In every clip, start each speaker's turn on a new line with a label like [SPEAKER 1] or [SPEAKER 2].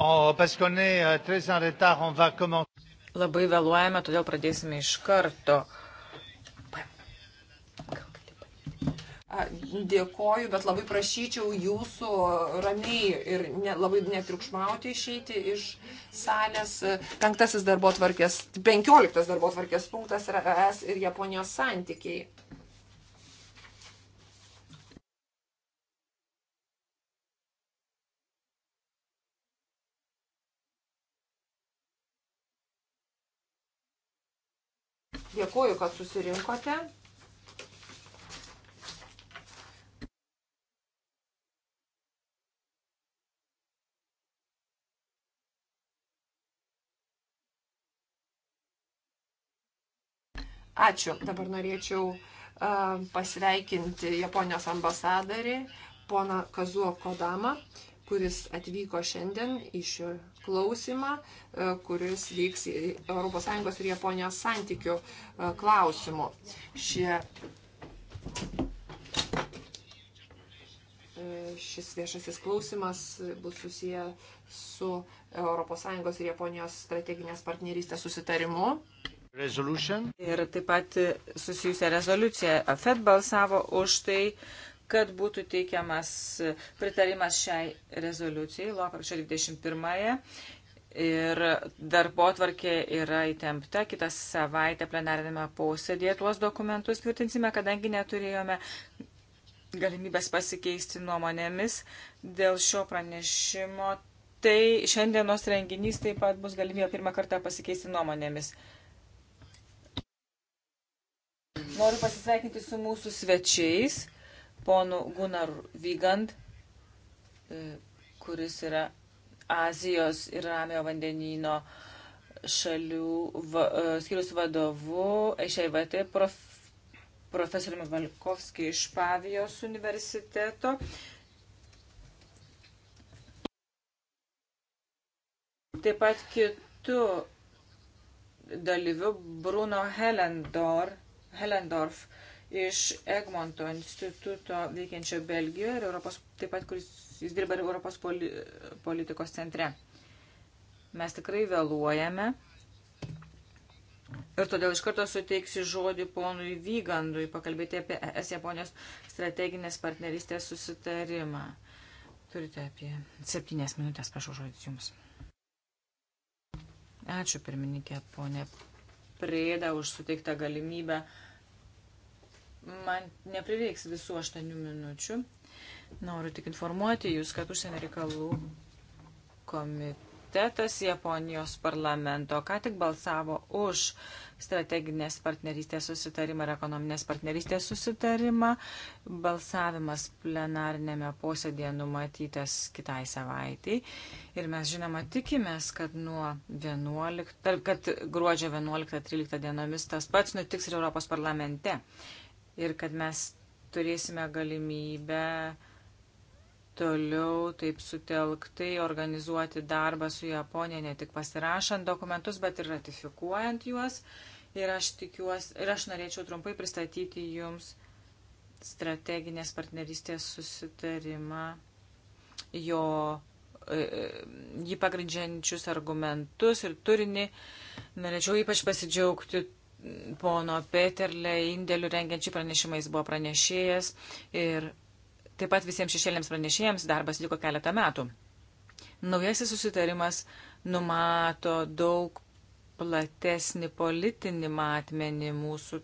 [SPEAKER 1] Oh, euh, labai vėluojame, todėl pradėsime iš karto.
[SPEAKER 2] Dėkoju, bet labai prašyčiau jūsų ramiai ir ne, labai netriukšmauti išeiti iš salės. Penktasis darbo tvarkės, penkioliktas darbo tvarkės punktas yra ES ir Japonijos santykiai. Dėkuoju, kad susirinkote. Ačiū. Dabar norėčiau pasveikinti Japonijos ambasadorį, poną Kazuo Kodamą kuris atvyko šiandien į šį klausimą, e, kuris vyks ES ir Japonijos santykių e, klausimu. Šie, e, šis viešasis klausimas bus susiję su ES ir Japonijos strateginės partnerystės susitarimu.
[SPEAKER 1] Resolution. Ir taip pat susijusią rezoliuciją. FED balsavo už tai, kad būtų teikiamas pritarimas šiai rezoliucijai lapkričio 21-ąją. Ir darbo tvarkė yra įtempta. Kitą savaitę plenarinėme posėdėje tuos dokumentus tvirtinsime, kadangi neturėjome galimybės pasikeisti nuomonėmis dėl šio pranešimo. Tai šiandienos renginys taip pat bus galimybė pirmą kartą pasikeisti nuomonėmis. Noriu pasisveikinti su mūsų svečiais ponu Gunnar Vygand, e, kuris yra Azijos ir Ramio vandenyno šalių va, e, skiriaus vadovu, HIVT prof, profesoriumi Valkovskį iš Pavijos universiteto. Taip pat kitų dalyvių Bruno Helendor, Helendorf, iš Egmonto instituto veikiančio Belgijoje ir Europos, taip pat, kuris jis dirba ir Europos poli, politikos centre. Mes tikrai vėluojame. Ir todėl iš karto suteiksiu žodį ponui Vygandui pakalbėti apie ES Japonijos strateginės partnerystės susitarimą. Turite apie septynės minutės, prašau žodis jums. Ačiū pirmininkė, ponė Prėda, už suteiktą galimybę uh, man neprireiks visų aštuonių minučių. Noriu tik informuoti Jūs, kad užsienio reikalų komitetas Japonijos parlamento ką tik balsavo už strateginės partnerystės susitarimą ir ekonominės partnerystės susitarimą. Balsavimas plenarinėme posėdėje numatytas kitai savaitai. Ir mes žinoma tikimės, kad, nuo 11, kad gruodžio 11-13 dienomis tas pats nutiks ir Europos parlamente ir kad mes turėsime galimybę toliau taip sutelktai organizuoti darbą su Japonija, ne tik pasirašant dokumentus, bet ir ratifikuojant juos. Ir aš tikiuosi, ir aš norėčiau trumpai pristatyti jums strateginės partnerystės susitarimą, jo e, e, jį pagrindžiančius argumentus ir turinį. Norėčiau ypač pasidžiaugti pono Peterle indėlių rengiančių pranešimais buvo pranešėjas ir taip pat visiems šešėlėms pranešėjams darbas liko keletą metų. Naujasis susitarimas numato daug platesnį politinį matmenį mūsų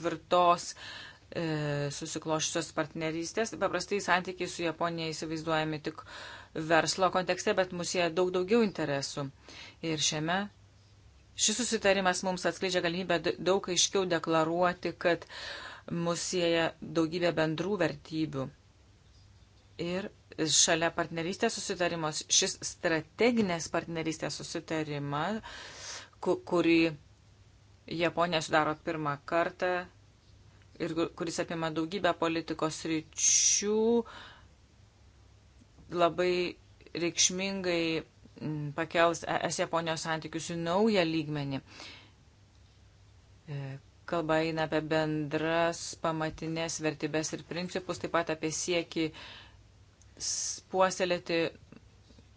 [SPEAKER 1] tvirtos e, susiklošusios partnerystės. Paprastai santykiai su Japonija įsivaizduojami tik verslo kontekste, bet mus jie daug daugiau interesų. Ir šiame Šis susitarimas mums atskleidžia galimybę daug aiškiau deklaruoti, kad mus sieja daugybė bendrų vertybių. Ir šalia partnerystės susitarimos, šis strateginės partnerystės susitarimas, kurį Japonija sudaro pirmą kartą ir kuris apima daugybę politikos ryčių, labai reikšmingai pakels ES Japonijos santykius į naują lygmenį. E, kalba eina apie bendras pamatinės vertybės ir principus, taip pat apie sieki puoselėti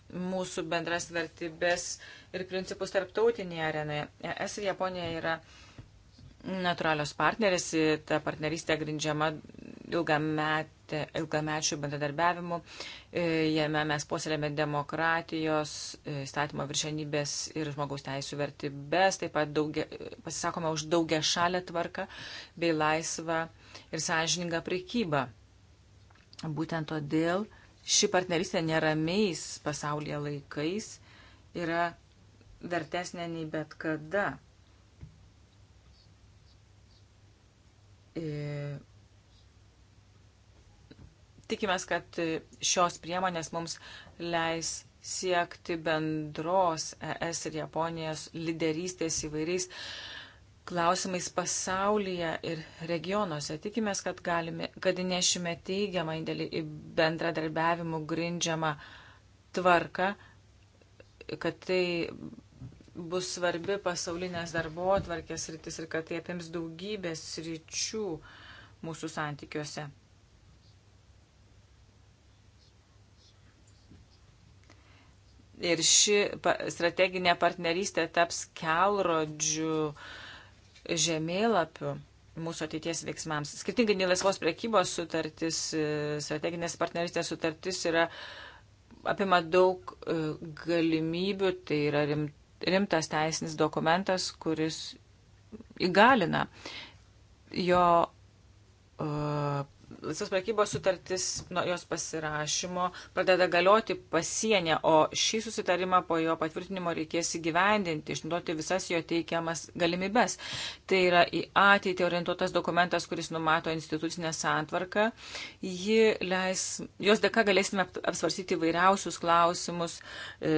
[SPEAKER 1] mūsų bendras vertybės ir principus tarptautinėje arenoje. ES ir Japonija yra natūralios partnerės, ta partnerystė grindžiama ilgamečių bendradarbiavimų. E, jame mes posėlėme demokratijos, e, įstatymo viršenybės ir žmogaus teisų vertybės, taip pat daugia, pasisakome už daugia šalę tvarką bei laisvą ir sąžiningą prekybą. Būtent todėl ši partnerystė neramiais pasaulyje laikais yra vertesnė nei bet kada. E, Tikimės, kad šios priemonės mums leis siekti bendros ES ir Japonijos lyderystės įvairiais klausimais pasaulyje ir regionuose. Tikimės, kad, galime, kad nešime teigiamą indėlį į bendradarbiavimų grindžiamą tvarką, kad tai bus svarbi pasaulinės darbo atvarkės rytis ir kad tai apims daugybės ryčių mūsų santykiuose. ir ši strateginė partnerystė taps kelrodžių žemėlapiu mūsų ateities veiksmams. Skirtingai nei laisvos priekybos sutartis, e, strateginės partnerystės sutartis yra apima daug e, galimybių, tai yra rimtas teisinis dokumentas, kuris įgalina jo uh, visas prekybos sutartis nuo jos pasirašymo pradeda galioti pasienė, o šį susitarimą po jo patvirtinimo reikės įgyvendinti, išnaudoti visas jo teikiamas galimybes. Tai yra į ateitį orientuotas dokumentas, kuris numato institucinę santvarką. Ji leis, jos dėka galėsime apsvarsyti vairiausius klausimus. E,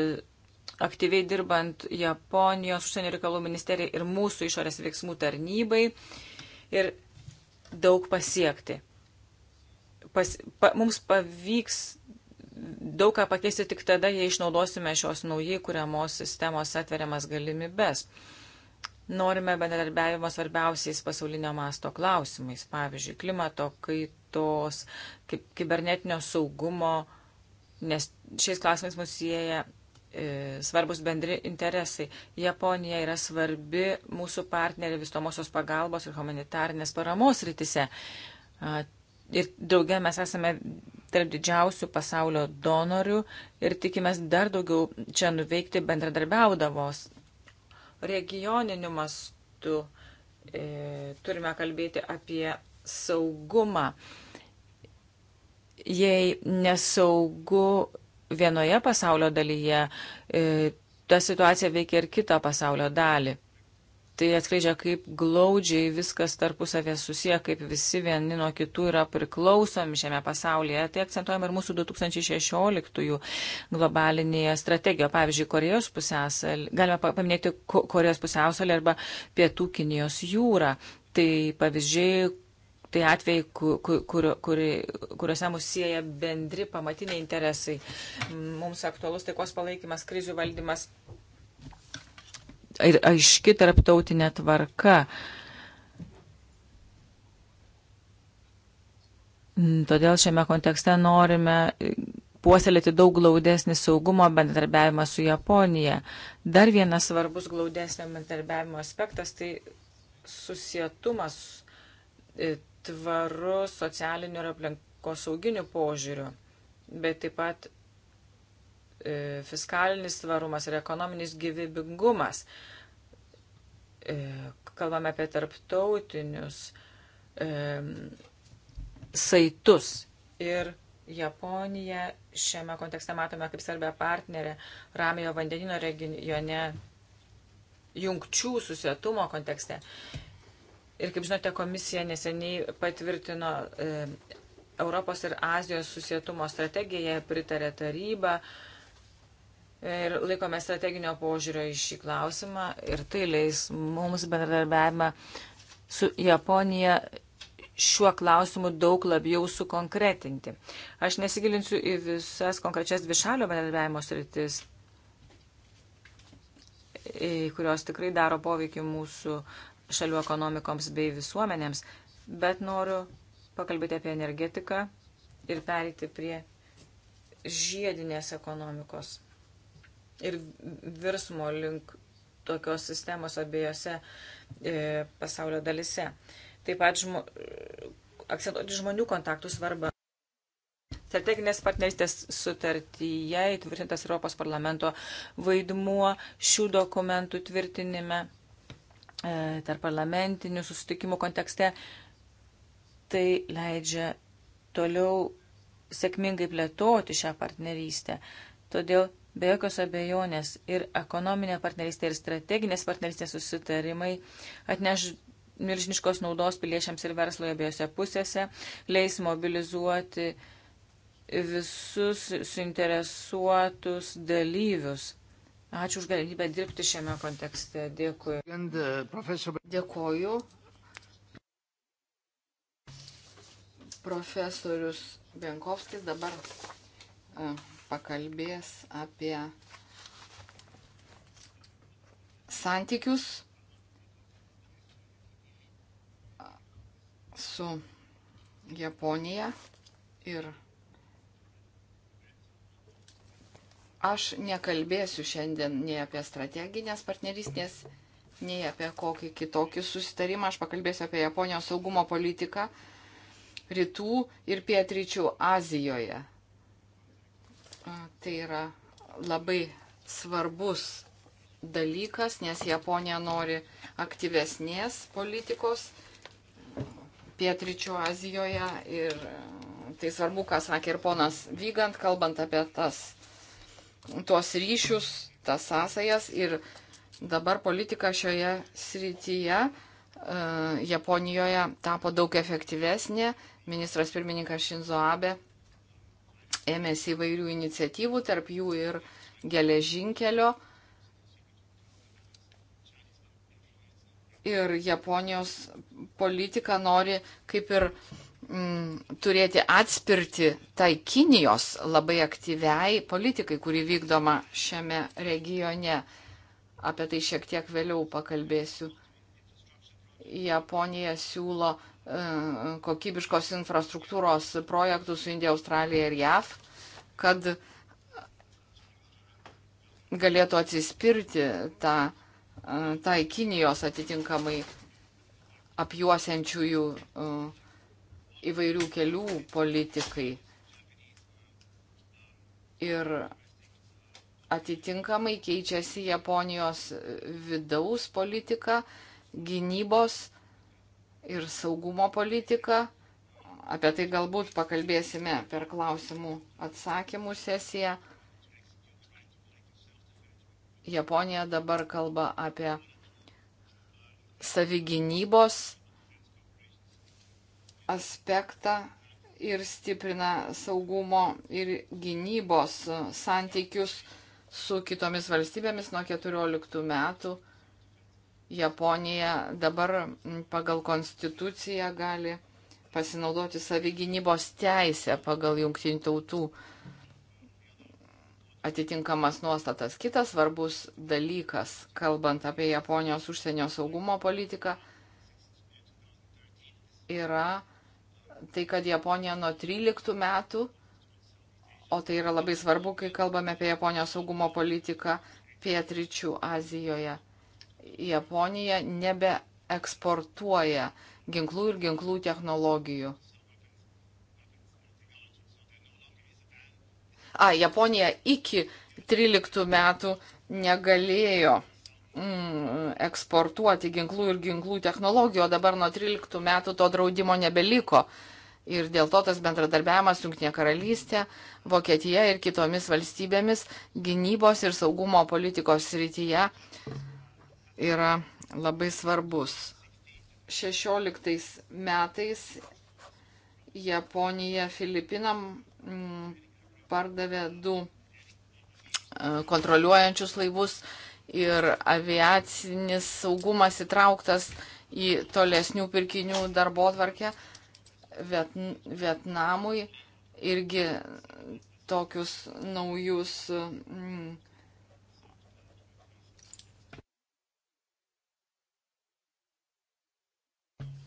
[SPEAKER 1] aktyviai dirbant Japonijos užsienio reikalų ministerijai ir mūsų išorės veiksmų tarnybai ir daug pasiekti pas, pa, mums pavyks daug ką pakeisti tik tada, jei išnaudosime šios naujai kuriamos sistemos atveriamas galimybes. Norime bendradarbiavimo svarbiausiais pasaulinio masto klausimais, pavyzdžiui, klimato kaitos, kibernetinio saugumo, nes šiais klausimais mus sieja e, svarbus bendri interesai. Japonija yra svarbi mūsų partnerė vystomosios pagalbos ir humanitarnės paramos rytise ir daugia mes esame tarp didžiausių pasaulio donorių ir tikimės dar daugiau čia nuveikti bendradarbiaudavos. Regioniniu mastu e, turime kalbėti apie saugumą. Jei nesaugu vienoje pasaulio dalyje, e, ta situacija veikia ir kitą pasaulio dalį tai atskleidžia, kaip glaudžiai viskas tarpusavė susiję, kaip visi vieni nuo kitų yra priklausomi šiame pasaulyje. Tai akcentuojama ir mūsų 2016-ųjų globalinėje strategijoje. Pavyzdžiui, Korejos pusiasalį, galime paminėti Korejos pusiasalį arba Pietų Kinijos jūrą. Tai pavyzdžiai, tai atvejai, kur, kur, kur, kuriuose mus sieja bendri pamatiniai interesai. Mums aktualus taikos palaikymas, krizių valdymas ir aiški tarptautinė tvarka. Todėl šiame kontekste norime puoselėti daug glaudesnį saugumo bendradarbiavimą su Japonija. Dar vienas svarbus glaudesnio bendradarbiavimo aspektas tai susietumas e, tvarus socialiniu ir aplinkosauginiu požiūriu, bet taip pat E, fiskalinis tvarumas ir ekonominis gyvybingumas. E, kalbame apie tarptautinius e, saitus. Ir Japonija šiame kontekste matome kaip svarbę partnerę Ramiojo vandenino regione jungčių susietumo kontekste. Ir kaip žinote, komisija neseniai patvirtino e, Europos ir Azijos susietumo strategiją, pritarė taryba. E, ir laikome strateginio požiūrio į šį klausimą ir tai leis mums bendradarbiavimą su Japonija šiuo klausimu daug labiau sukonkretinti. Aš nesigilinsiu į visas konkrečias dvišalio bendradarbiavimo sritis, kurios tikrai daro poveikį mūsų šalių ekonomikoms bei visuomenėms, bet noriu pakalbėti apie energetiką ir pereiti prie žiedinės ekonomikos ir virsmo link tokios sistemos abiejose e, pasaulio dalise. Taip pat žmo, akcentuoti žmonių kontaktų svarbą. Strateginės partnerystės sutartyje įtvirtintas Europos parlamento vaidmuo šių dokumentų tvirtinime e, tarp parlamentinių susitikimų kontekste. Tai leidžia toliau sėkmingai plėtoti šią partnerystę. Todėl Be jokios abejonės ir ekonominė partnerystė, ir strateginės partnerystės susitarimai atneš milžiniškos naudos piliečiams ir verslui abiejose pusėse, leis mobilizuoti visus suinteresuotus dalyvius. Ačiū už galimybę dirbti šiame kontekste. Dėkui. Dėkoju.
[SPEAKER 3] Profesorius Benkovskis dabar. Uh pakalbės apie santykius su Japonija ir aš nekalbėsiu šiandien nei apie strateginės partnerystės, nei apie kokį kitokį susitarimą. Aš pakalbėsiu apie Japonijos saugumo politiką rytų ir pietryčių Azijoje. Tai yra labai svarbus dalykas, nes Japonija nori aktyvesnės politikos pietričių Azijoje ir e, tai svarbu, ką sakė ir ponas Vygant, kalbant apie tas, tuos ryšius, tas sąsajas ir dabar politika šioje srityje e, Japonijoje tapo daug efektyvesnė. Ministras pirmininkas Šinzo Abe ėmėsi įvairių iniciatyvų, tarp jų ir geležinkelio. Ir Japonijos politika nori kaip ir mm, turėti atspirti tai Kinijos labai aktyviai politikai, kuri vykdoma šiame regione. Apie tai šiek tiek vėliau pakalbėsiu. Japonija siūlo uh, kokybiškos infrastruktūros projektų su Indija, Australija ir JAV, kad galėtų atsispirti tą, tai Kinijos atitinkamai apjuosiančiųjų e, įvairių kelių politikai. Ir atitinkamai keičiasi Japonijos vidaus politika, gynybos ir saugumo politiką. Apie tai galbūt pakalbėsime per klausimų atsakymų sesiją. Japonija dabar kalba apie savigynybos aspektą ir stiprina saugumo ir gynybos santykius su kitomis valstybėmis nuo 14 metų Japonija dabar pagal konstituciją gali pasinaudoti savigynybos teisę pagal jungtinių tautų atitinkamas nuostatas. Kitas svarbus dalykas, kalbant apie Japonijos užsienio saugumo politiką, yra tai, kad Japonija nuo 13 metų, o tai yra labai svarbu, kai kalbame apie Japonijos saugumo politiką, pietryčių Azijoje Japonija nebeeksportuoja ginklų ir ginklų technologijų. A, Japonija iki 13 metų negalėjo mm, eksportuoti ginklų ir ginklų technologijų, o dabar nuo 13 metų to draudimo nebeliko. Ir dėl to tas bendradarbiavimas Junktinė karalystė, Vokietija ir kitomis valstybėmis gynybos ir saugumo politikos srityje yra labai svarbus. 16 metais Japonija Filipinam mm, pardavė du e, kontroliuojančius laivus ir aviacinis saugumas įtrauktas į tolesnių pirkinių darbo tvarkę. Viet, Vietnamui irgi tokius naujus. Mm,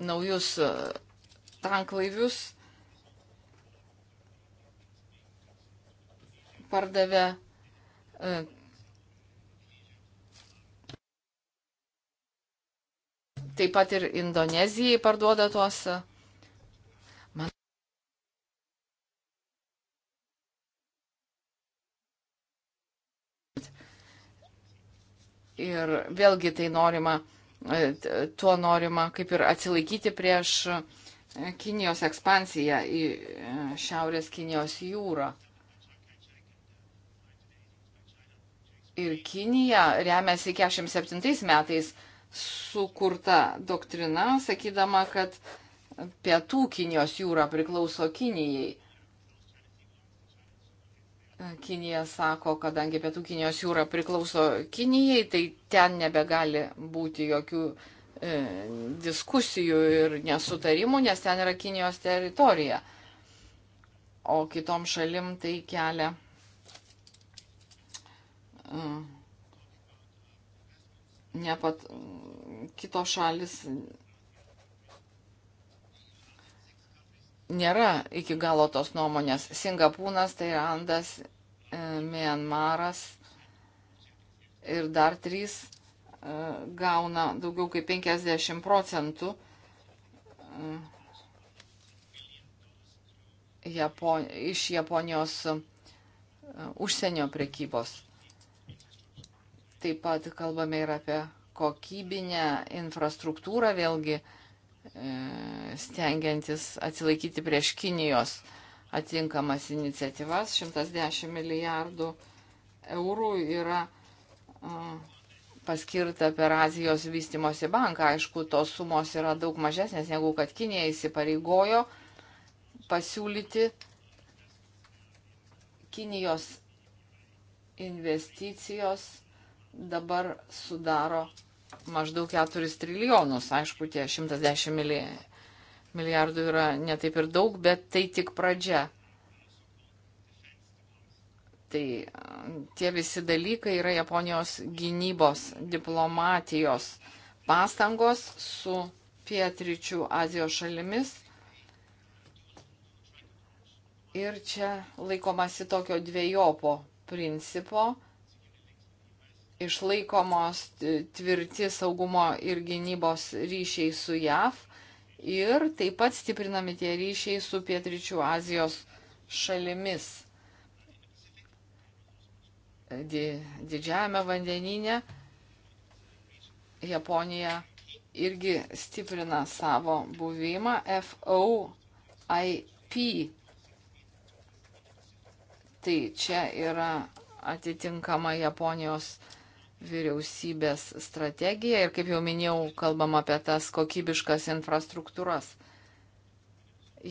[SPEAKER 3] naujus e, tanklaivius, pardavė e, taip pat ir Indonezijai parduoda tuos. E, man... Ir vėlgi tai norima E, tuo norima kaip ir atsilaikyti prieš e, Kinijos ekspansiją į e, Šiaurės Kinijos jūrą. Ir Kinija remiasi 47 metais sukurta doktrina, sakydama, kad pietų Kinijos jūra priklauso Kinijai. Kinija sako, kadangi pietų Kinijos jūra priklauso Kinijai, tai ten nebegali būti jokių e, diskusijų ir nesutarimų, nes ten yra Kinijos teritorija. O kitom šalim tai kelia. E, nepat, kitos šalis nėra iki galo tos nuomonės. Singapūnas, Tailandas, e, Mianmaras ir dar trys e, gauna daugiau kaip 50 procentų. E, Japon, iš Japonijos užsienio prekybos. Taip pat kalbame ir apie kokybinę infrastruktūrą, vėlgi uh, E, stengiantis atsilaikyti prieš Kinijos atinkamas iniciatyvas. 110 milijardų eurų yra e, paskirta per Azijos vystimosi banką. Aišku, tos sumos yra daug mažesnės negu kad Kinija įsipareigojo pasiūlyti Kinijos investicijos dabar sudaro maždaug 4 trilijonus. Aišku, tie 110 milijardų yra netaip ir daug, bet tai tik pradžia. Tai tie visi dalykai yra Japonijos gynybos, diplomatijos pastangos su pietričių Azijos šalimis. Ir čia laikomasi tokio dviejopo principo išlaikomos tvirti saugumo ir gynybos ryšiai su JAV ir taip pat stiprinami tie ryšiai su Pietričių Azijos šalimis. Didžiajame vandenyne Japonija irgi stiprina savo buvimą FOIP. Tai čia yra atitinkama Japonijos vyriausybės strategiją ir, kaip jau minėjau, kalbam apie tas kokybiškas infrastruktūras.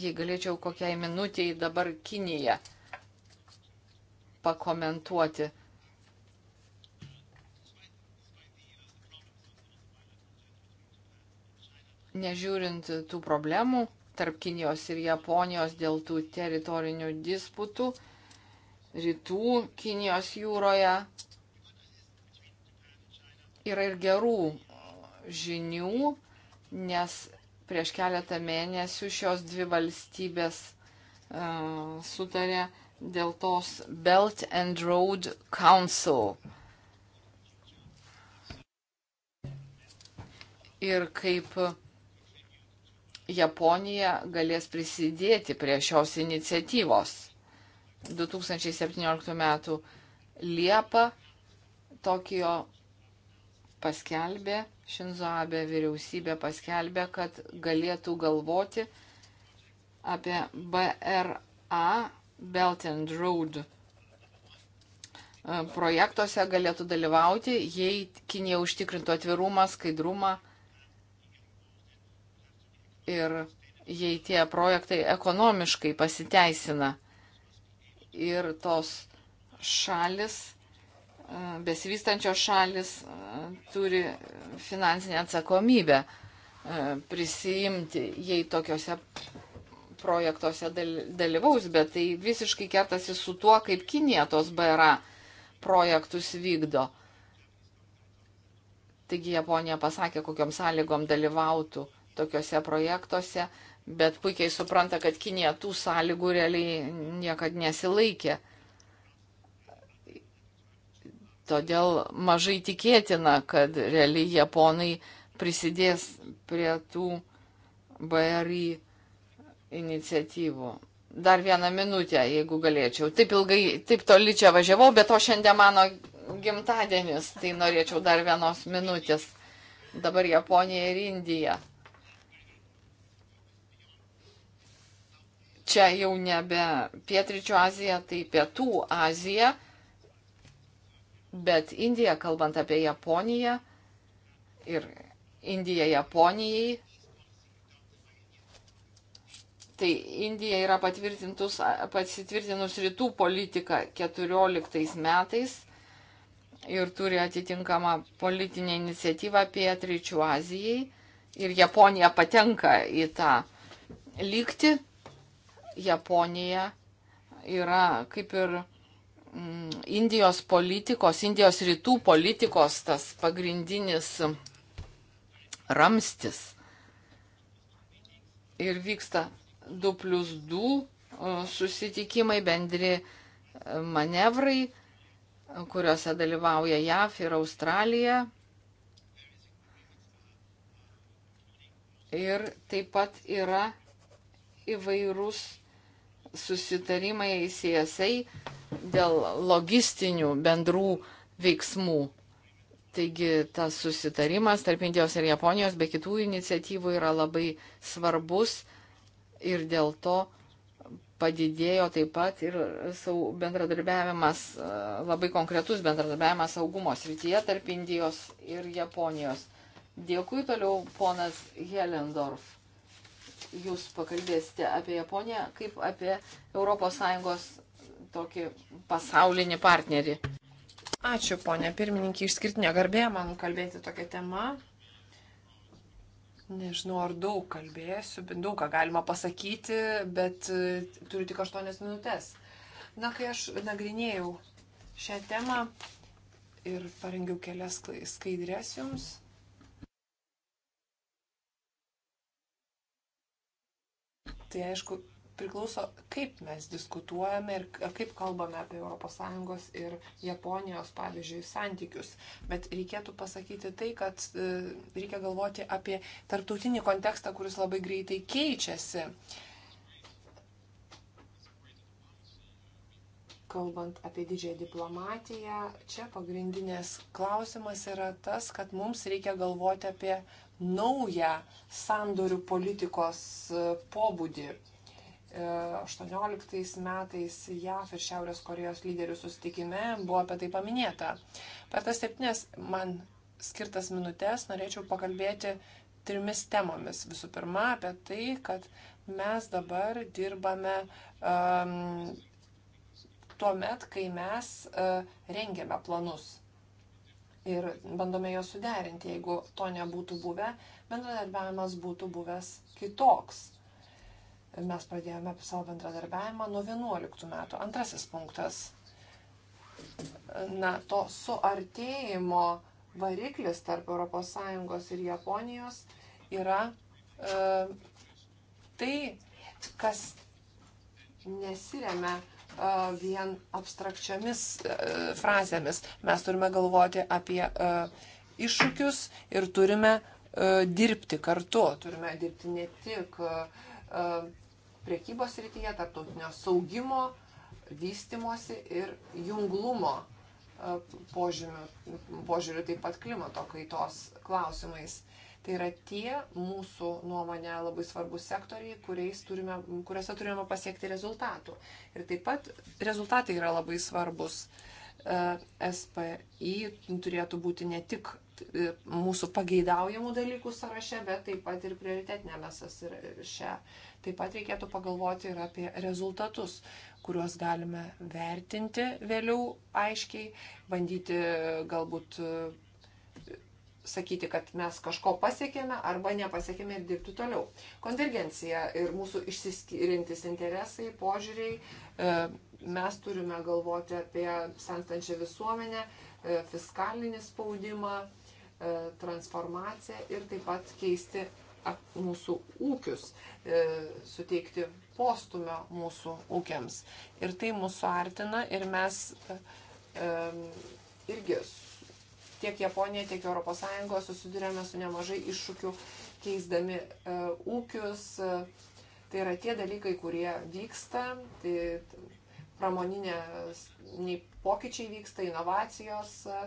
[SPEAKER 3] Jei galėčiau kokiai minutiai dabar Kiniją pakomentuoti. Nežiūrint tų problemų tarp Kinijos ir Japonijos dėl tų teritorinių disputų, rytų Kinijos jūroje yra ir gerų žinių, nes prieš keletą mėnesių šios dvi valstybės uh, sutarė dėl tos Belt and Road Council. Ir kaip Japonija galės prisidėti prie šios iniciatyvos. 2017 m. Liepa Tokijo paskelbė, Šinzo Abe vyriausybė paskelbė, kad galėtų galvoti apie BRA Belt and Road e, projektuose galėtų dalyvauti, jei Kinija užtikrintų atvirumą, skaidrumą ir jei tie projektai ekonomiškai pasiteisina ir tos šalis besivystančios šalis e, turi finansinę atsakomybę e, prisijimti, jei tokiuose projektuose dalyvaus, bet tai visiškai kertasi su tuo, kaip Kinė tos BRA projektus vykdo. Taigi Japonija pasakė, kokiam sąlygom dalyvautų tokiuose projektuose, bet puikiai supranta, kad Kinė tų sąlygų realiai niekad nesilaikė. Todėl mažai tikėtina, kad realiai japonai prisidės prie tų BRI iniciatyvų. Dar vieną minutę, jeigu galėčiau. Taip ilgai, taip toli čia važiavau, bet o šiandien mano gimtadienis, tai norėčiau dar vienos minutės. Dabar Japonija ir Indija. Čia jau nebe Pietričio Azija, tai Pietų Azija Bet Indija, kalbant apie Japoniją ir Indija Japonijai, tai Indija yra pasitvirtinus rytų politiką 14 metais ir turi atitinkamą politinę iniciatyvą pietryčių Azijai ir Japonija patenka į tą lygti. Japonija yra kaip ir Mm, Indijos politikos, Indijos rytų politikos tas pagrindinis ramstis. Ir vyksta 2 plus 2 e, susitikimai, bendri e, manevrai, kuriuose dalyvauja JAF ir Australija. Ir taip pat yra įvairūs susitarimai CSA dėl logistinių bendrų veiksmų. Taigi tas susitarimas tarp Indijos ir Japonijos be kitų iniciatyvų yra labai svarbus ir dėl to padidėjo taip pat ir bendradarbiavimas, labai konkretus bendradarbiavimas saugumo srityje tarp Indijos ir Japonijos. Dėkui toliau ponas Helendorf jūs pakalbėsite apie Japoniją kaip apie ES
[SPEAKER 2] tokį pasaulinį partnerį. Ačiū, ponė pirmininkė, išskirtinė garbė man kalbėti tokią temą. Nežinau, ar daug kalbėsiu, bet daug ką galima pasakyti, bet e, turiu tik 8 minutės. Na, kai aš nagrinėjau šią temą ir parengiau kelias skaidrės jums, Tai aišku, priklauso, kaip mes diskutuojame ir kaip kalbame apie ES ir Japonijos, pavyzdžiui, santykius. Bet reikėtų pasakyti tai, kad e, reikia galvoti apie tarptautinį kontekstą, kuris labai greitai keičiasi. Kalbant apie didžiąją diplomatiją, čia pagrindinės klausimas yra tas, kad mums reikia galvoti apie naują sandorių politikos e, pobūdį. 18 e, metais JAF ir Šiaurės Korejos lyderių susitikime buvo apie tai paminėta. Per tas septynes man skirtas minutės norėčiau pakalbėti trimis temomis. Visų pirma, apie tai, kad mes dabar dirbame um, tuo met, kai mes uh, rengiame planus ir bandome juos suderinti. Jeigu to nebūtų buvę, bendradarbiavimas būtų buvęs kitoks. Mes pradėjome savo bendradarbiavimą nuo 11 metų. Antrasis punktas. Na, to suartėjimo variklis tarp ES ir Japonijos yra e, tai, kas nesiremia vien abstrakčiomis e, frazėmis. Mes turime galvoti apie e, iššūkius ir turime e, dirbti kartu. Turime dirbti ne tik priekybos rytyje, tarptautinio saugimo, vystimosi ir junglumo požiūriu, požiūriu taip pat klimato kaitos klausimais. Tai yra tie mūsų nuomonė labai svarbus sektoriai, turime, kuriuose turime pasiekti rezultatų. Ir taip pat rezultatai yra labai svarbus. E, SPI turėtų būti ne tik e, mūsų pageidaujamų dalykų sąraše, bet taip pat ir prioritetinėme sąraše. Taip pat reikėtų pagalvoti ir apie rezultatus, kuriuos galime vertinti vėliau aiškiai, bandyti galbūt sakyti, kad mes kažko pasiekėme arba nepasiekėme ir dirbti toliau. Konvergencija ir mūsų išsiskiriantis interesai, požiūriai, e, mes turime galvoti apie senstančią visuomenę, e, fiskalinį spaudimą, e, transformaciją ir taip pat keisti mūsų ūkius, suteikti postumio mūsų ūkiams. Ir tai mūsų artina ir mes irgi tiek Japonija, tiek ES susidurėme su nemažai iššūkių keisdami e, ūkius. E, tai yra tie dalykai, kurie vyksta, tai pramoninė pokyčiai vyksta, inovacijos e,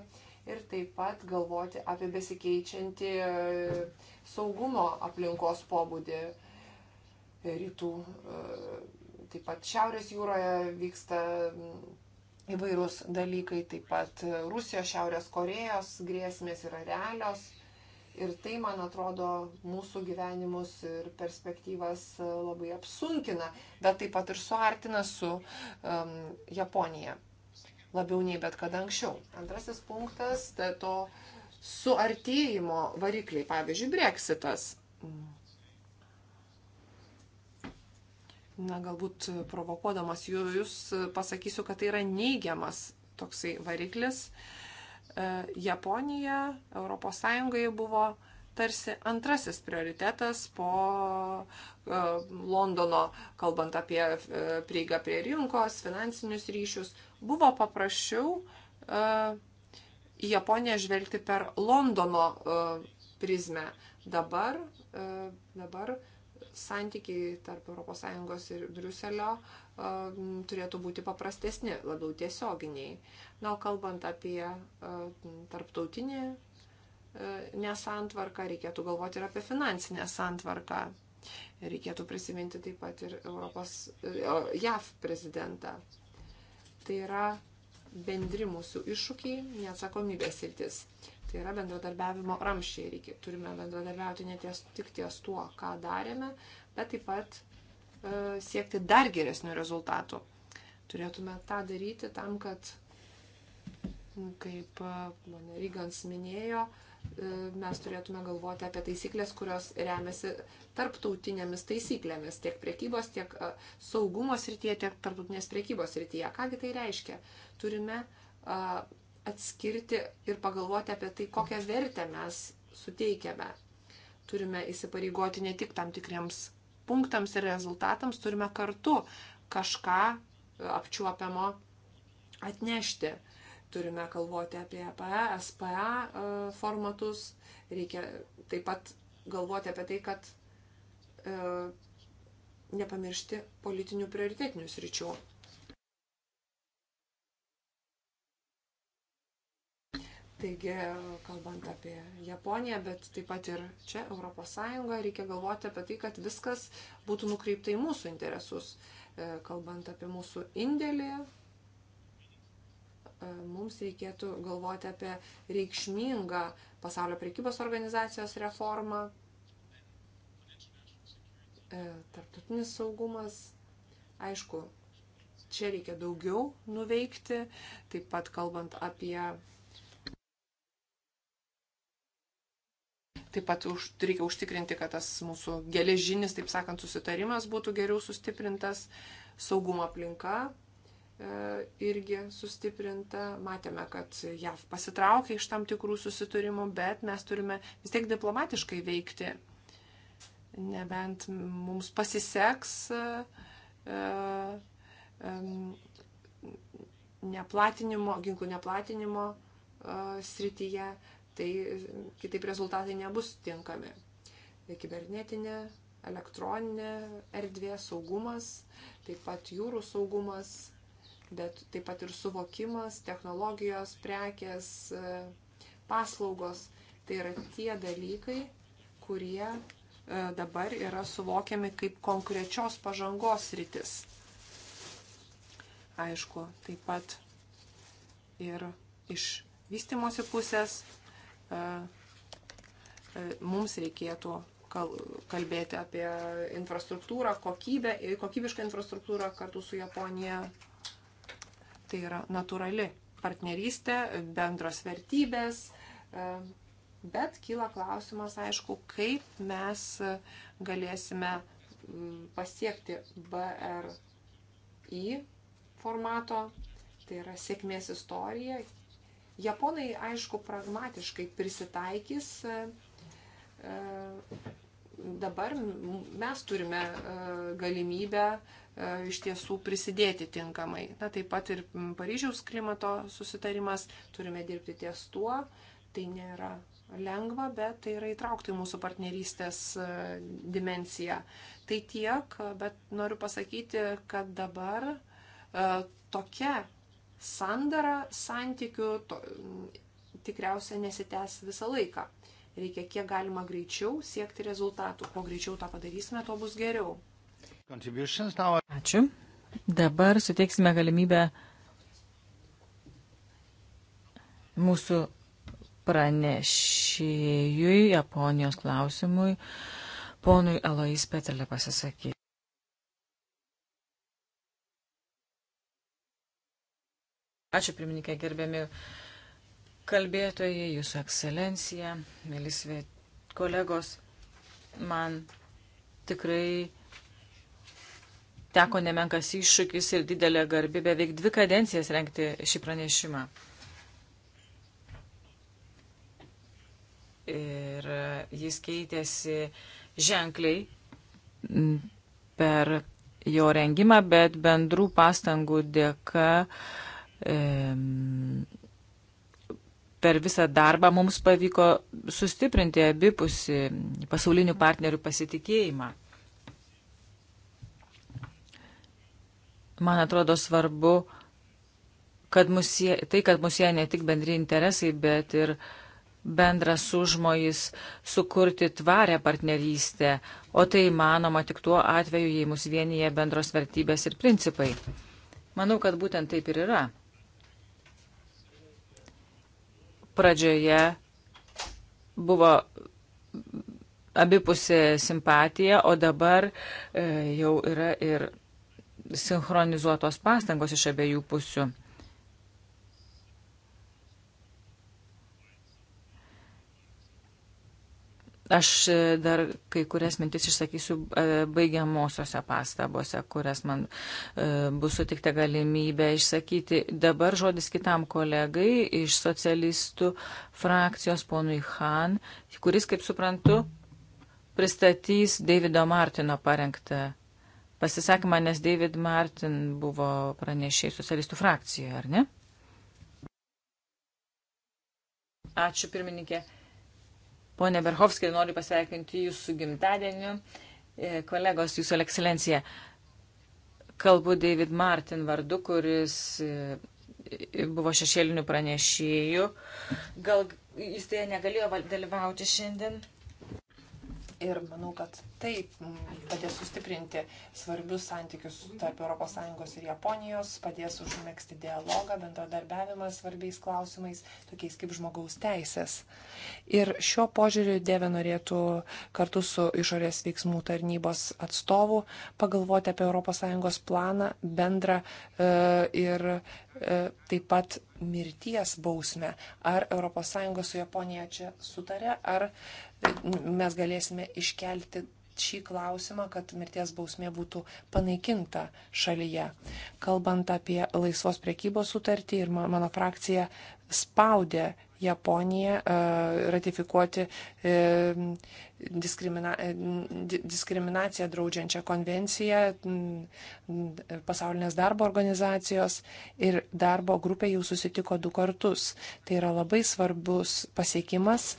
[SPEAKER 2] ir taip pat galvoti apie besikeičiantį saugumo aplinkos pobūdį rytų. Taip pat Šiaurės jūroje vyksta įvairūs dalykai, taip pat Rusijos, Šiaurės Korejos grėsmės yra realios. Ir tai, man atrodo, mūsų gyvenimus ir perspektyvas labai apsunkina, bet taip pat ir suartina su um, Japonija. Labiau nei bet kada anksčiau. Antrasis punktas tai - to suartėjimo varikliai, pavyzdžiui, breksitas. Mm na, galbūt provokuodamas jūs, e, pasakysiu, kad tai yra neigiamas toksai variklis. E, Japonija ES buvo tarsi antrasis prioritetas po e, Londono, kalbant apie prieigą prie rinkos, finansinius ryšius. Buvo paprasčiau į Japoniją žvelgti per Londono prizmę. Dabar, dabar santykiai tarp ES ir Briuselio turėtų būti paprastesni, labiau tiesioginiai. Na, o kalbant apie tarptautinį nesantvarką, reikėtų galvoti ir apie finansinę santvarką. Reikėtų prisiminti taip pat ir Europos, JAV prezidentą. Tai yra bendri mūsų iššūkiai, neatsakomybės rytis. Ir Tai yra bendradarbiavimo ramščiai. Reikia, turime bendradarbiauti ne ties, tik ties tuo, ką darėme, bet taip pat e, siekti dar geresnių rezultatų. Turėtume tą daryti tam, kad, kaip mane Rygans minėjo, e, mes turėtume galvoti apie taisyklės, kurios remiasi tarptautinėmis taisyklėmis tiek priekybos, tiek e, saugumos rytyje, tiek tarptautinės priekybos rytyje. Kągi tai reiškia? Turime e, atskirti ir pagalvoti apie tai, kokią vertę mes suteikiame. Turime įsipareigoti ne tik tam tikriems punktams ir rezultatams, turime kartu kažką e, apčiuopiamo atnešti. Turime galvoti apie APE, SPA e, formatus, reikia taip pat galvoti apie tai, kad e, nepamiršti politinių prioritetinių sričių. Taigi, kalbant apie Japoniją, bet taip pat ir čia ES, reikia galvoti apie tai, kad viskas būtų nukreipta į mūsų interesus. E, kalbant apie mūsų indėlį, e, mums reikėtų galvoti apie reikšmingą pasaulio prekybos organizacijos reformą, e, tarptautinis saugumas. Aišku, čia reikia daugiau nuveikti, taip pat kalbant apie Taip pat už, reikia užtikrinti, kad tas mūsų geležinis, taip sakant, susitarimas būtų geriau sustiprintas, saugumo aplinka e, irgi sustiprinta. Matėme, kad JAV pasitraukė iš tam tikrų susitarimų, bet mes turime vis tiek diplomatiškai veikti. Nebent mums pasiseks. E, e, neplatinimo, ginklų neplatinimo e, srityje, tai kitaip rezultatai nebus tinkami. Kibernetinė, elektroninė erdvė, saugumas, taip pat jūrų saugumas, bet taip pat ir suvokimas, technologijos, prekės, paslaugos. Tai yra tie dalykai, kurie e, dabar yra suvokiami kaip konkrečios pažangos rytis. Aišku, taip pat ir iš vystimosi pusės E, e, mums reikėtų kalbėti apie infrastruktūrą, kokybę, kokybišką infrastruktūrą kartu su Japonija. Tai yra natūrali partnerystė, bendros vertybės, e, bet kyla klausimas, aišku, kaip mes galėsime pasiekti BRI formato, tai yra sėkmės istorija, Japonai, aišku, pragmatiškai prisitaikys. E, e, dabar mes turime e, galimybę iš tiesų prisidėti tinkamai. Na, taip pat ir Paryžiaus klimato susitarimas, turime dirbti ties tuo, tai nėra lengva, bet tai yra įtraukti į mūsų partnerystės dimenciją. Tai tiek, bet noriu pasakyti, kad dabar tokia sandara santykių to, tikriausia nesitęs visą laiką. Reikia kiek galima greičiau siekti rezultatų. Kuo greičiau tą padarysime, to bus geriau.
[SPEAKER 1] Ačiū. Dabar suteiksime galimybę mūsų pranešėjui Japonijos klausimui, ponui Alois Petelė pasisakyti. Ačiū, pirmininkė, gerbiami kalbėtojai, Jūsų ekscelencija, mėlys kolegos. Man tikrai teko nemenkas iššūkis ir didelė garbi beveik dvi kadencijas renkti šį pranešimą. Ir jis keitėsi ženkliai per jo rengimą, bet bendrų pastangų dėka uh, per visą darbą mums pavyko sustiprinti abipusi pasaulinių partnerių pasitikėjimą. Man atrodo svarbu, kad musie, tai, kad musie ne tik bendri interesai, bet ir bendras užmojis sukurti tvarę partnerystę, o tai įmanoma tik tuo atveju, jei mus vienyje bendros vertybės ir principai. Manau, kad būtent taip ir yra. pradžioje buvo abipusė simpatija, o dabar e, jau yra ir sinchronizuotos pastangos iš abiejų pusių. Aš e, dar kai kurias mintis išsakysiu e, baigiamosiose pastabose, kurias man e, bus sutikta galimybė išsakyti. Dabar žodis kitam kolegai iš socialistų frakcijos ponui Han, kuris, kaip suprantu, pristatys Davido Martino parengtą pasisakymą, nes David Martin buvo pranešėjai socialistų frakcijoje, ar ne? Ačiū pirmininkė. Pone Berhovskai, noriu pasveikinti jūsų gimtadieniu. E, kolegos, jūsų ekscelencija, kalbu David Martin vardu, kuris e, e, buvo šešėlinių pranešėjų. Gal jis tai negalėjo dalyvauti šiandien, Ir manau, kad taip
[SPEAKER 2] padės sustiprinti svarbius santykius tarp ES ir Japonijos, padės užmėgsti dialogą, bendradarbiavimą svarbiais klausimais, tokiais kaip žmogaus teisės. Ir šio požiūriu Dieve norėtų kartu su išorės veiksmų tarnybos atstovu pagalvoti apie ES planą bendrą e, ir e, taip pat mirties bausmę. Ar ES su Japonija čia sutarė, ar e, mes galėsime iškelti šį klausimą, kad mirties bausmė būtų panaikinta šalyje. Kalbant apie laisvos priekybos sutartį ir mano frakcija spaudė Japoniją e, ratifikuoti e, diskrimina, e, diskriminaciją draudžiančią konvenciją pasaulinės darbo organizacijos ir darbo grupė jau susitiko du kartus. Tai yra labai svarbus pasiekimas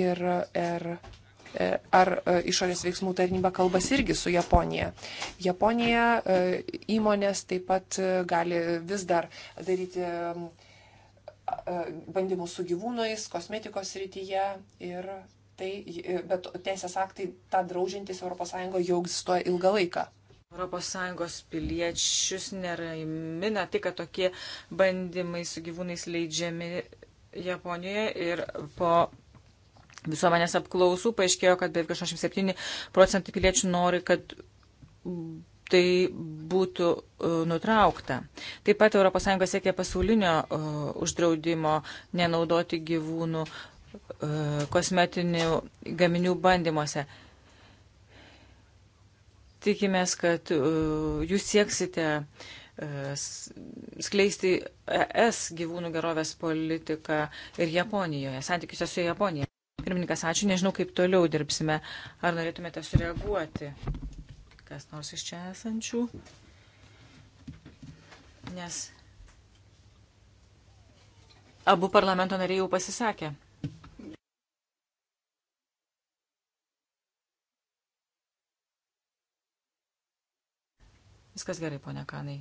[SPEAKER 2] ir, ir er, ar išorės veiksmų tarnyba kalbas irgi su Japonija. Japonija įmonės taip pat gali vis dar daryti E, bandymų su gyvūnais, kosmetikos srityje ir tai, e, bet teisės aktai tą draužintis ES jau egzistuoja ilgą laiką.
[SPEAKER 1] ES piliečius neramina tai, kad tokie bandymai su gyvūnais leidžiami Japonijoje ir po visuomenės apklausų paaiškėjo, kad beveik 87 procentai piliečių nori, kad tai būtų e, nutraukta. Taip pat ES siekia pasaulinio e, uždraudimo nenaudoti gyvūnų e, kosmetinių gaminių bandymuose. Tikimės, kad jūs sieksite skleisti ES gyvūnų gerovės politiką ir Japonijoje, santykiuose su Japonija. Pirmininkas, ačiū, nežinau, kaip toliau dirbsime. Ar norėtumėte sureaguoti? kas nors iš čia esančių, nes abu parlamento nariai jau pasisakė. Viskas gerai, ponia Kanai.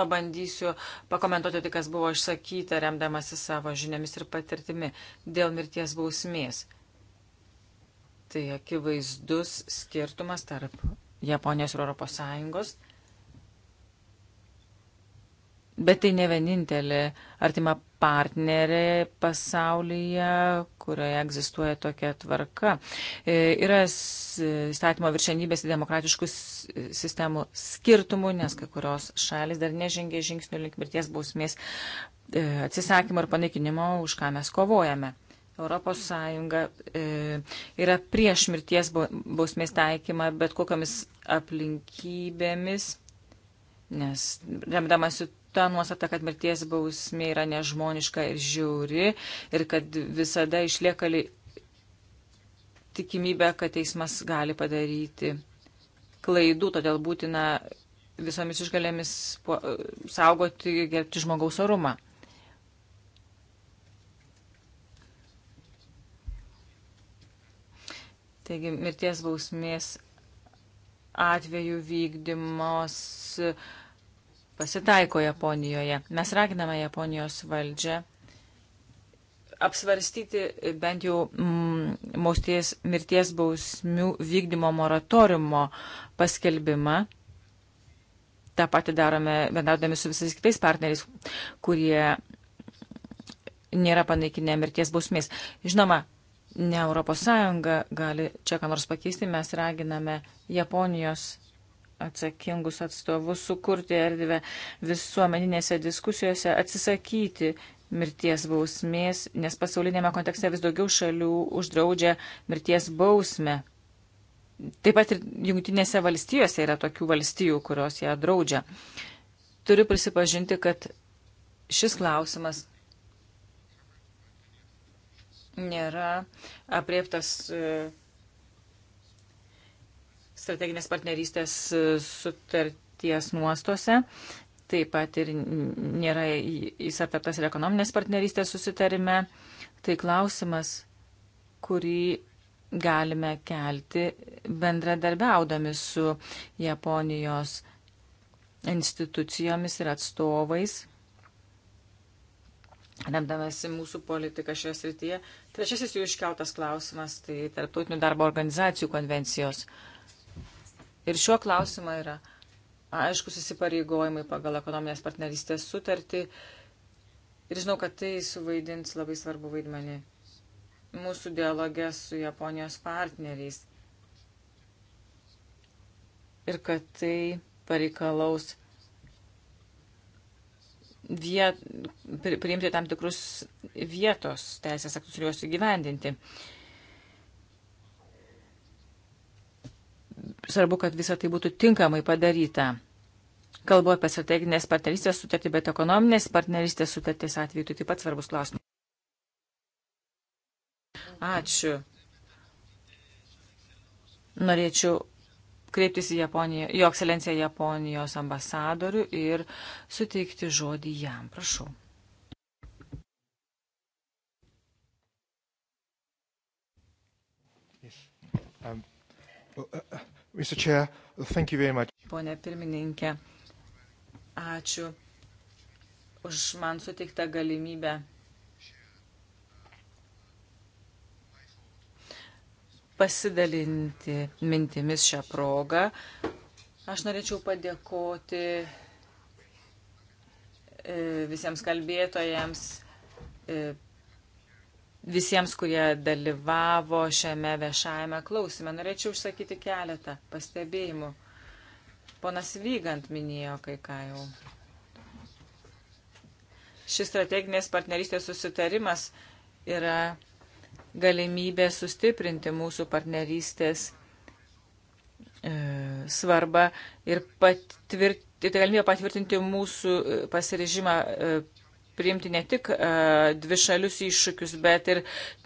[SPEAKER 1] pabandysiu pakomentuoti tai, kas buvo išsakyta, remdamasi savo žiniomis ir patirtimi dėl mirties bausmės. Tai akivaizdus skirtumas tarp Japonijos ir Europos Sąjungos. Bet tai ne vienintelė artima partnerė pasaulyje, kurioje egzistuoja tokia tvarka. E, yra įstatymo viršenybės ir demokratiškų sistemų skirtumų, nes kai kurios šalis dar nežengė žingsnių link mirties bausmės e, atsisakymo ir panaikinimo, už ką mes kovojame. Europos Sąjunga e, yra prieš mirties bausmės taikymą, bet kokiamis aplinkybėmis, nes remdamasi ta nuostata, kad mirties bausmė yra nežmoniška ir žiauri ir kad visada išlieka tikimybė, kad teismas gali padaryti klaidų, todėl būtina visomis išgalėmis saugoti, gerbti žmogaus orumą. Taigi mirties bausmės atveju vykdymos uh, pasitaiko Japonijoje. Mes raginame Japonijos valdžią apsvarstyti bent jau mm, mausties, mirties bausmių vykdymo moratoriumo paskelbimą. Ta pati darome bendraudami su visais kitais partneriais, kurie nėra panaikinę mirties bausmės. Žinoma, ne ES gali čia ką nors pakeisti, mes raginame Japonijos atsakingus atstovus sukurti erdvę visuomeninėse diskusijose, atsisakyti mirties bausmės, nes pasaulinėme kontekste vis daugiau šalių uždraudžia mirties bausmę. Taip pat ir jungtinėse valstijose yra tokių valstijų, kurios ją draudžia. Turiu prisipažinti, kad šis klausimas nėra apriektas e, strateginės partnerystės e, sutarties nuostose. Taip pat ir nėra jis aptartas ir ekonominės partnerystės susitarime. Tai klausimas, kurį galime kelti bendradarbiaudami su Japonijos institucijomis ir atstovais, remdamasi mūsų politiką šioje srityje. Trečiasis jų iškeltas klausimas - tai tarptautinių darbo organizacijų konvencijos. Uh, Ir šiuo klausimą yra aiškus įsipareigojimai pagal ekonominės partnerystės sutartį. Ir žinau, kad tai suvaidins labai svarbu vaidmenį mūsų dialogė su Japonijos partneriais. Ir kad tai pareikalaus viet, priimti tam tikrus vietos teisės aktus ir juos įgyvendinti. Uh, svarbu, kad visa tai būtų tinkamai padaryta. Kalbu apie strateginės partnerystės sutartį, bet ekonominės partnerystės sutartys atveju tai taip pat svarbus klausimas. Ačiū. Norėčiau kreiptis į Japoniją, jo ekscelenciją Japonijos ambasadorių ir suteikti žodį jam. Prašau.
[SPEAKER 2] Yes. Um, well, uh, uh. Mr. Chair, thank you very much.
[SPEAKER 1] Pone pirmininkė, ačiū už man suteiktą galimybę pasidalinti mintimis šią progą. Aš norėčiau padėkoti e, visiems kalbėtojams e, visiems, kurie dalyvavo šiame viešajame klausime. Norėčiau užsakyti keletą pastebėjimų. Ponas Vygant minėjo kai ką jau. Šis strateginės partnerystės susitarimas yra galimybė sustiprinti mūsų partnerystės e, svarbą ir patvirtinti, tai galimybė patvirtinti mūsų e, pasirežimą e, priimti ne tik e, dvi šalius iššūkius, bet ir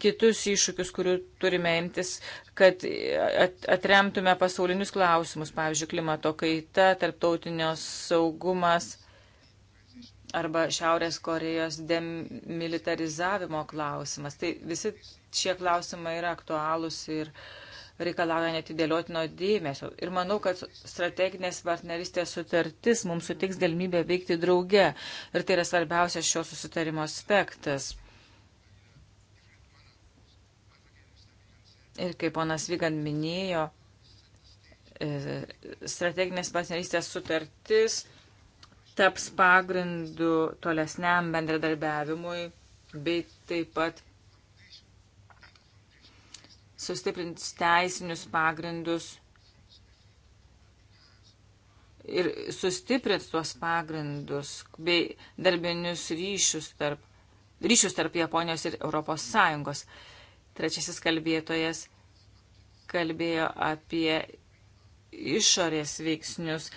[SPEAKER 1] kitus iššūkius, kurių turime imtis, kad e, atremtume pasaulinius klausimus, pavyzdžiui, klimato kaita, tarptautinio saugumas arba Šiaurės Korejos demilitarizavimo klausimas. Tai visi šie klausimai yra aktualūs ir uh, reikalauja netidėliotino dėmesio. Ir manau, kad strateginės partnerystės sutartis mums sutiks galimybę veikti drauge. Ir tai yra svarbiausias šio susitarimo aspektas. Ir kaip ponas Vygan minėjo, e, strateginės partnerystės sutartis taps pagrindu tolesniam bendradarbiavimui bei taip pat sustiprins teisinius pagrindus ir sustiprins tuos pagrindus bei darbinius ryšius tarp, ryšius tarp Japonijos ir Europos Sąjungos. Trečiasis kalbėtojas kalbėjo apie išorės veiksnius,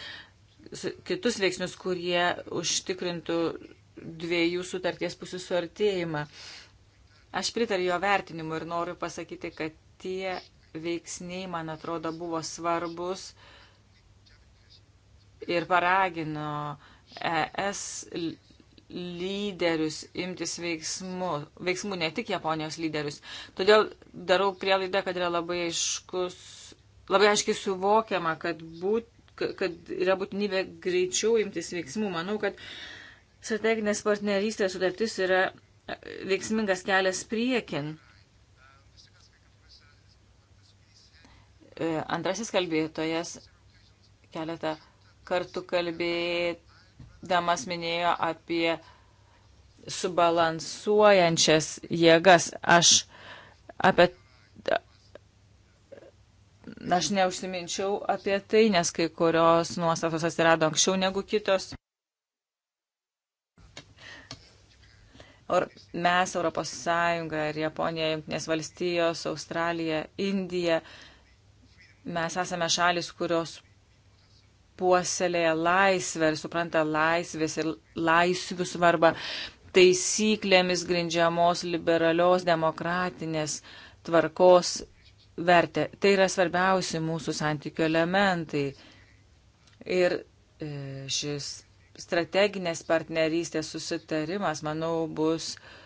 [SPEAKER 1] kitus veiksnius, kurie užtikrintų dviejų sutarties pusių suartėjimą. Aš pritariu jo vertinimu ir noriu pasakyti, kad tie veiksniai, man atrodo, buvo svarbus ir paragino ES lyderius imtis veiksmų, veiksmų ne tik Japonijos lyderius. Todėl darau prielaidą, kad yra labai aiškus, labai aiškiai suvokiama, kad, būt, kad yra būtinybė greičiau imtis veiksmų. Manau, kad strateginės partnerystės sutartis yra veiksmingas kelias priekin. E, antrasis kalbėtojas keletą kartų kalbėdamas minėjo apie subalansuojančias jėgas. Aš apie. Aš neužsiminčiau apie tai, nes kai kurios nuostatos atsirado anksčiau negu kitos. Or mes, Europos Sąjunga ir Japonija, Junktinės valstijos, Australija, Indija, uh, Mes esame šalis, kurios puoselėja laisvę ir supranta laisvės ir laisvių svarbą taisyklėmis grindžiamos liberalios demokratinės tvarkos vertę. Tai yra svarbiausi mūsų santykių elementai. Ir e, šis strateginės partnerystės susitarimas, manau, bus uh,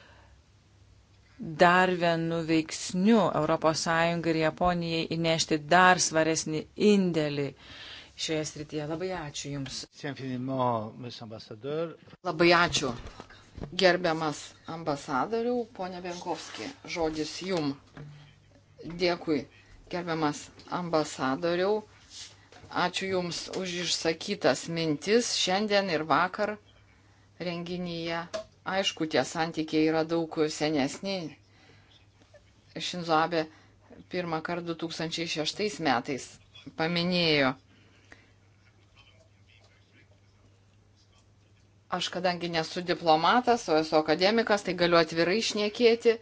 [SPEAKER 1] dar vienu veiksniu ES ir Japonijai įnešti dar svaresnį indėlį šioje srityje. Labai ačiū Jums. Labai ačiū. Gerbiamas
[SPEAKER 3] ambasadoriau, ponia Venkovski, žodis Jum. Dėkui, gerbiamas ambasadoriau. Ačiū Jums už išsakytas mintis šiandien ir vakar renginyje Aišku, tie santykiai yra daug senesni. Šinzo Abe pirmą kartą 2006 metais paminėjo. Aš kadangi nesu diplomatas, o esu akademikas, tai galiu atvirai išnekėti.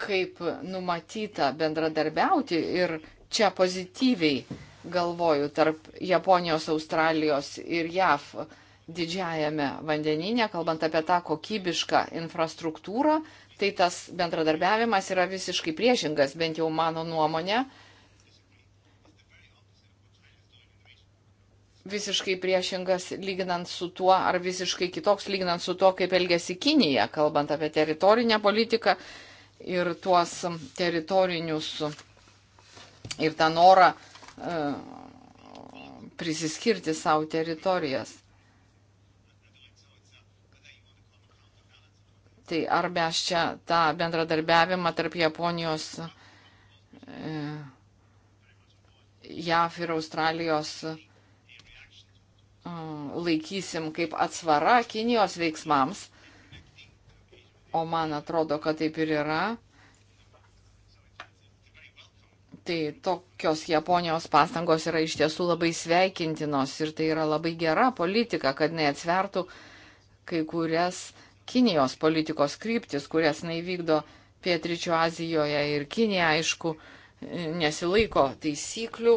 [SPEAKER 3] kaip numatyta bendradarbiauti ir čia pozityviai galvoju, tarp Japonijos, Australijos ir JAV didžiajame vandeninė, kalbant apie tą kokybišką infrastruktūrą, tai tas bendradarbiavimas yra visiškai priešingas, bent jau mano nuomonė. Visiškai priešingas lyginant su tuo, ar visiškai kitoks lyginant su tuo, kaip elgesi Kinija, kalbant apie teritorinę politiką ir tuos teritorinius ir tą norą uh, E, prisiskirti savo teritorijas. Tai ar mes čia tą bendradarbiavimą tarp Japonijos, e, JAF ir Australijos e, laikysim kaip atsvara Kinijos veiksmams, o man atrodo, kad taip ir yra. Tai tokios Japonijos pastangos yra iš tiesų labai sveikintinos ir tai yra labai gera politika, kad neatsvertų kai kurias Kinijos politikos kryptis, kurias naivykdo Pietričio Azijoje ir Kinija, aišku, nesilaiko taisyklių,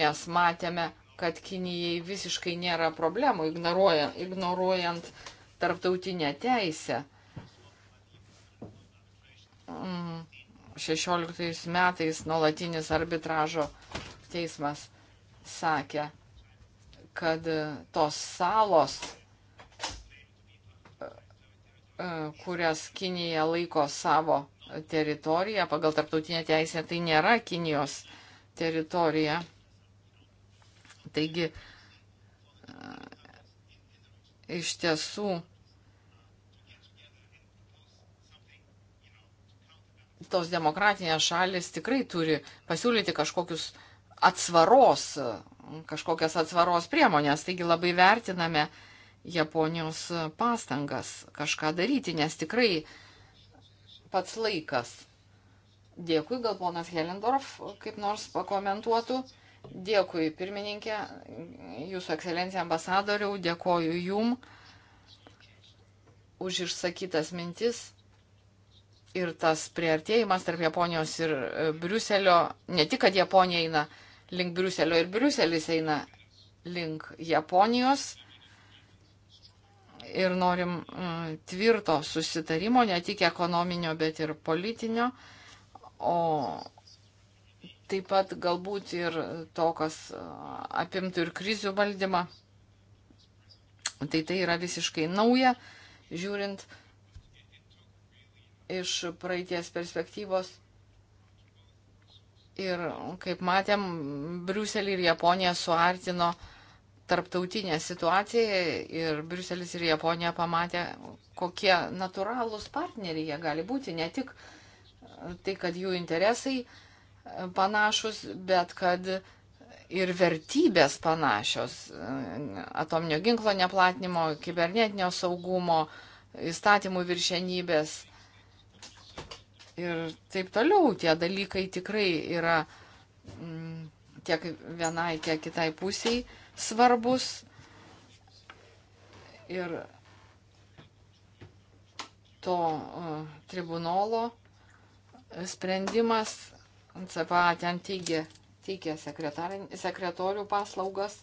[SPEAKER 3] nes matėme, kad Kinijai visiškai nėra problemų, ignoruoja, ignoruojant tarptautinę teisę. Mm 16 metais nuolatinis arbitražo teismas sakė, kad e, tos salos, e, e, kurias Kinija laiko savo teritoriją pagal tarptautinę teisę, tai nėra Kinijos teritorija. Taigi, iš tiesų, tos demokratinės šalis tikrai turi pasiūlyti kažkokius atsvaros, kažkokias atsvaros priemonės. Taigi labai vertiname Japonijos pastangas kažką daryti, nes tikrai pats laikas. Dėkui, gal ponas Helendorf kaip nors pakomentuotų. Dėkui, pirmininkė, jūsų ekscelencija ambasadoriau, dėkoju jum už išsakytas mintis ir tas prieartėjimas tarp Japonijos ir e, Briuselio, ne tik, kad Japonija eina link Briuselio ir Briuselis eina link Japonijos. Ir norim e, tvirto susitarimo, ne tik ekonominio, bet ir politinio. O taip pat galbūt ir to, kas e, apimtų ir krizių valdymą. Tai tai yra visiškai nauja, žiūrint uh, iš praeities perspektyvos. Ir kaip matėm, Briuselį ir Japoniją suartino tarptautinė situacija ir Briuselis ir Japonija pamatė, kokie natūralūs partneriai jie gali būti, ne tik tai, kad jų interesai panašus, bet kad ir vertybės panašios - atominio ginklo neplatinimo, kibernetinio saugumo, įstatymų viršenybės ir taip toliau. Tie dalykai tikrai yra m, mm, tiek vienai, tiek kitai pusiai svarbus. Ir to uh, tribunolo sprendimas CPA ten teigia, teikia sekretorių paslaugas.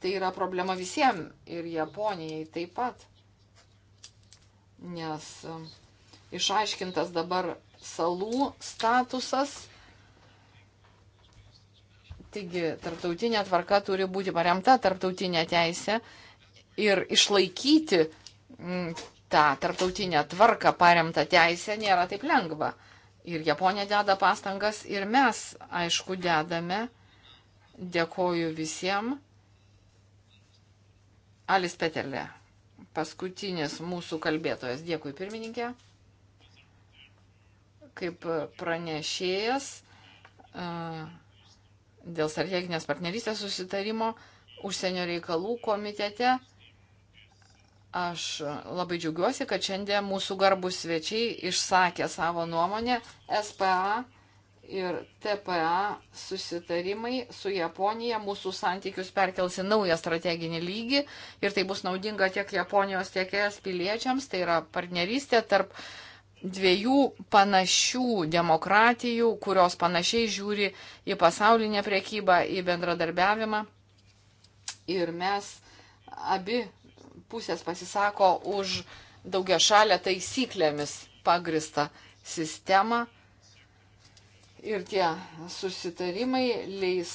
[SPEAKER 3] Tai yra problema visiems ir Japonijai taip pat. Nes uh, išaiškintas dabar salų statusas. Taigi, tarptautinė tvarka turi būti paremta tarptautinė teisė ir išlaikyti mm, tą tarptautinę tvarką paremtą teisę nėra taip lengva. Ir Japonija deda pastangas ir mes, aišku, dedame. Dėkoju visiems. Alis Petelė, paskutinis mūsų kalbėtojas. Dėkui pirmininkė kaip pranešėjas e, dėl strateginės partnerystės susitarimo užsienio reikalų komitete. Aš labai džiaugiuosi, kad šiandien mūsų garbus svečiai išsakė savo nuomonę SPA ir TPA susitarimai su Japonija mūsų santykius perkels į naują strateginį lygį ir tai bus naudinga tiek Japonijos, tiek ES piliečiams. Tai yra partnerystė tarp dviejų panašių demokratijų, kurios panašiai žiūri į pasaulinę priekybą, į bendradarbiavimą. Ir mes abi pusės pasisako už daugia šalę taisyklėmis pagristą sistemą. Ir tie susitarimai leis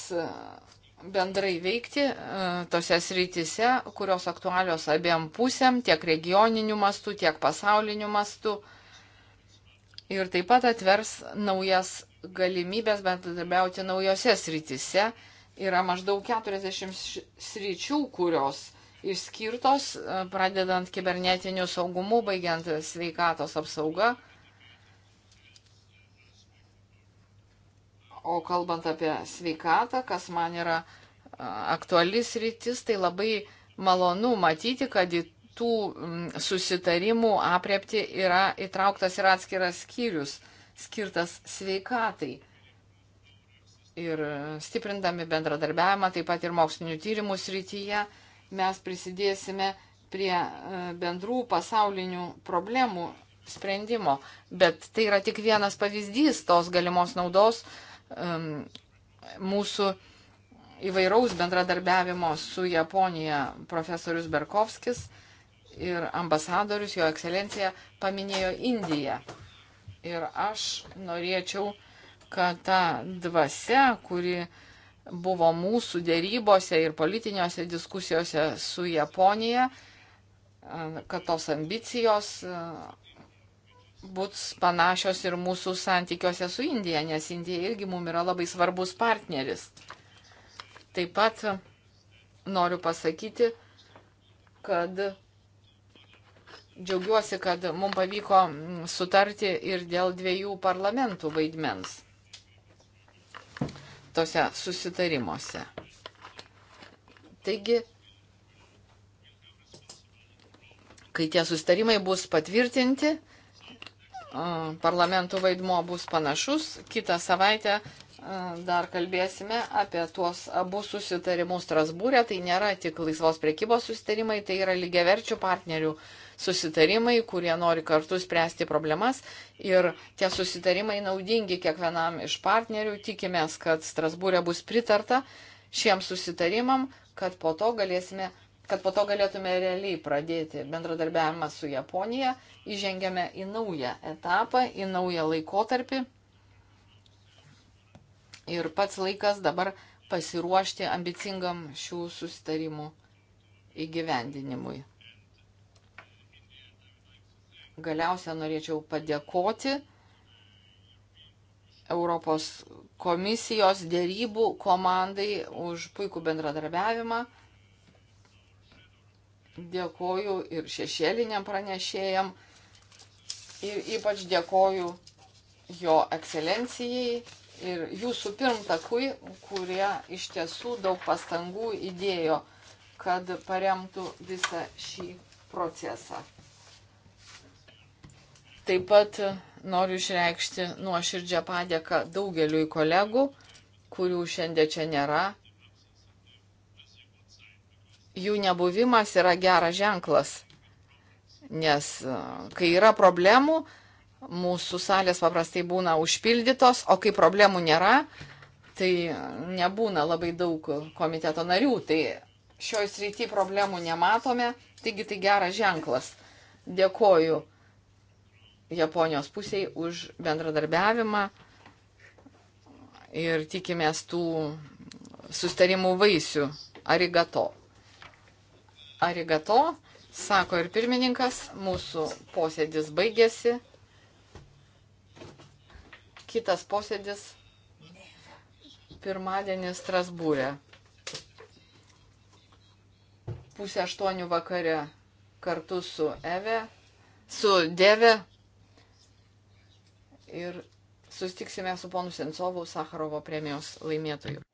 [SPEAKER 3] bendrai veikti e, tose srityse, kurios aktualios abiem pusėm, tiek regioniniu mastu, tiek pasauliniu mastu ir taip pat atvers naujas galimybės bendradarbiauti naujose srityse. Yra maždaug 40 sričių, kurios išskirtos, e, pradedant kibernetiniu saugumu, baigiant sveikatos apsauga. O kalbant apie sveikatą, kas man yra e, aktualis rytis, tai labai malonu matyti, kad į tų mm, susitarimų apriepti yra įtrauktas ir atskiras skyrius, skirtas sveikatai. Ir stiprindami bendradarbiavimą, taip pat ir mokslinių tyrimų srityje, mes prisidėsime prie e, bendrų pasaulinių problemų sprendimo. Bet tai yra tik vienas pavyzdys tos galimos naudos um, mūsų įvairaus bendradarbiavimo su Japonija profesorius Berkovskis ir ambasadorius, jo ekscelencija, paminėjo Indiją. Ir aš norėčiau, kad ta dvasia, kuri buvo mūsų dėrybose ir politiniuose diskusijose su Japonija, kad tos ambicijos e, bus panašios ir mūsų santykiuose su Indija, nes Indija irgi mums yra labai svarbus partneris. Taip pat noriu pasakyti, kad džiaugiuosi, kad mums pavyko mm, sutarti ir dėl dviejų parlamentų vaidmens tose susitarimuose. Taigi, kai tie susitarimai bus patvirtinti, parlamentų vaidmo bus panašus. Kitą savaitę dar kalbėsime apie tuos abu susitarimus Strasbūrė. Tai nėra tik laisvos priekybos susitarimai, tai yra lygiaverčių partnerių uh, susitarimai, kurie nori kartu spręsti problemas ir tie susitarimai naudingi kiekvienam iš partnerių. Tikimės, kad Strasbūrė bus pritarta šiem susitarimam, kad po to galėsime kad po to galėtume realiai pradėti bendradarbiavimą su Japonija, įžengėme į naują etapą, į naują laikotarpį. Ir pats laikas dabar pasiruošti ambicingam šių sustarimų įgyvendinimui galiausia norėčiau padėkoti Europos komisijos dėrybų komandai už puikų bendradarbiavimą. Dėkoju ir šešėliniam pranešėjam ir ypač dėkoju jo ekscelencijai ir jūsų pirmtakui, kurie iš tiesų daug pastangų įdėjo, kad paremtų visą šį procesą. Taip pat noriu išreikšti nuoširdžią padėką daugeliui kolegų, kurių šiandien čia nėra. Jų nebuvimas yra geras ženklas, nes e, kai yra problemų, mūsų salės paprastai būna užpildytos, o kai problemų nėra, tai nebūna labai daug komiteto narių, tai šioj srity problemų nematome, taigi tai geras ženklas. Dėkoju Japonijos pusiai už bendradarbiavimą ir tikimės tų sustarimų vaisių. Arigato. Arigato, sako ir pirmininkas, mūsų posėdis baigėsi. Kitas posėdis pirmadienį Strasbūrė. Pusę aštuonių vakare kartu su Eve, su Deve ir susitiksime su ponu Sensovu Sakarovo premijos laimėtoju.